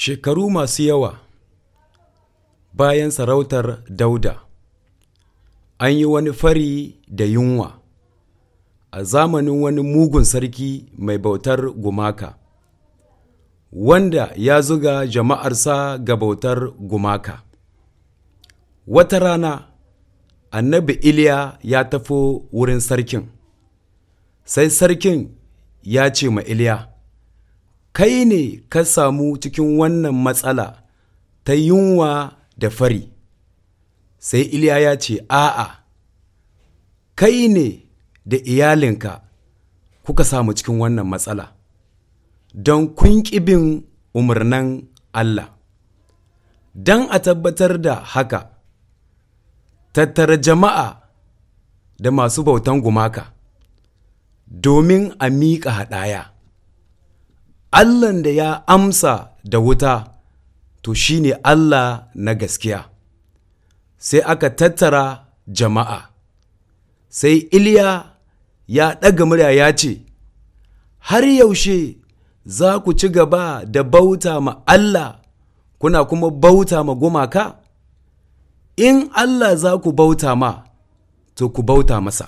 Shekaru masu yawa bayan sarautar Dauda, an yi wani fari da yunwa a zamanin wani mugun sarki mai bautar gumaka, wanda ya zuga jama'arsa ga bautar gumaka. Wata rana, annabi Iliya ya tafi wurin sarkin, sai sarkin ya ce ma Iliya, kai ne ka samu cikin wannan matsala ta yunwa da fari sai iliya ya ce a'a kai ne da iyalinka kuka samu cikin wannan matsala don kun bin umarnan Allah don a tabbatar da haka tattara jama'a da masu bautan gumaka domin a miƙa haɗaya Allahn da ya amsa da wuta to shi ne Allah na gaskiya. Sai aka tattara jama'a, sai Iliya ya ɗaga murya ya ce, Har yaushe za ku ci gaba da bauta ma Allah kuna kuma bauta ma gumaka? In Allah za ku bauta ma, to ku bauta masa,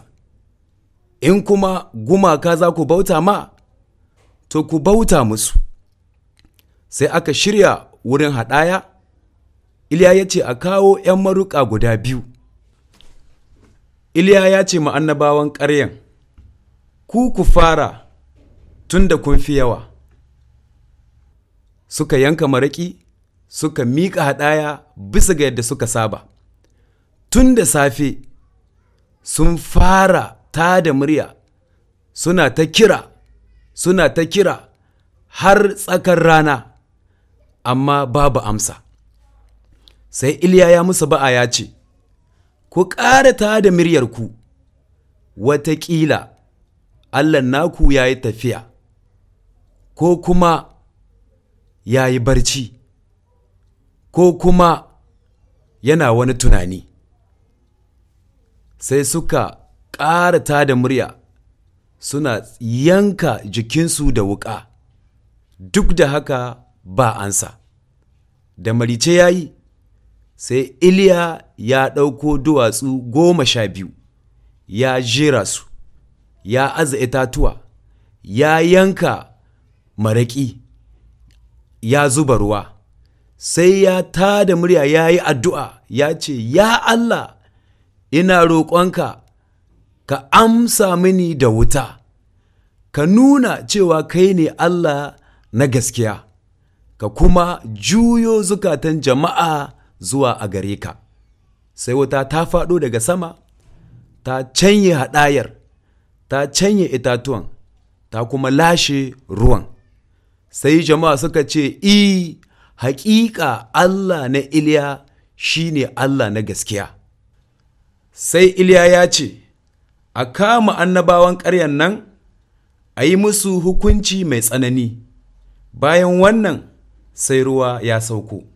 in kuma gumaka za ku bauta ma, to ku bauta musu sai aka shirya wurin haɗaya iliya ya ce a kawo ‘yan maruƙa guda biyu iliya ya ce annabawan ƙaryan ku ku fara tun da kun fi yawa suka yanka maraƙi suka miƙa haɗaya bisa ga yadda suka saba tun da safe sun fara ta da murya suna ta kira suna ta kira har tsakar rana amma babu amsa sai iliya ya musu ba'a ya ce ku ƙara ta da muryarku. wataƙila allah naku ya yi tafiya ko kuma ya yi barci ko kuma yana wani tunani sai suka ƙara ta da murya suna yanka jikinsu da wuƙa duk da haka ba ansa da marice ya yi sai iliya ya ɗauko duwatsu goma sha biyu ya jera su ya aza itatuwa ya yanka maraƙi ya zuba ruwa sai ya ta murya ya yi addu'a ya ce ya Allah ina roƙonka ka amsa mini da wuta ka nuna cewa kai ne Allah na gaskiya ka kuma juyo zukatan jama'a zuwa a gare ka sai wuta ta faɗo daga sama ta canye haɗayar ta canye itatuwan ta kuma lashe ruwan sai jama'a suka ce i haƙiƙa Allah na Iliya shi ne Allah na gaskiya sai Iliya ya ce a kama annabawan ƙaryan nan a yi musu hukunci mai tsanani bayan wannan sai ruwa ya sauko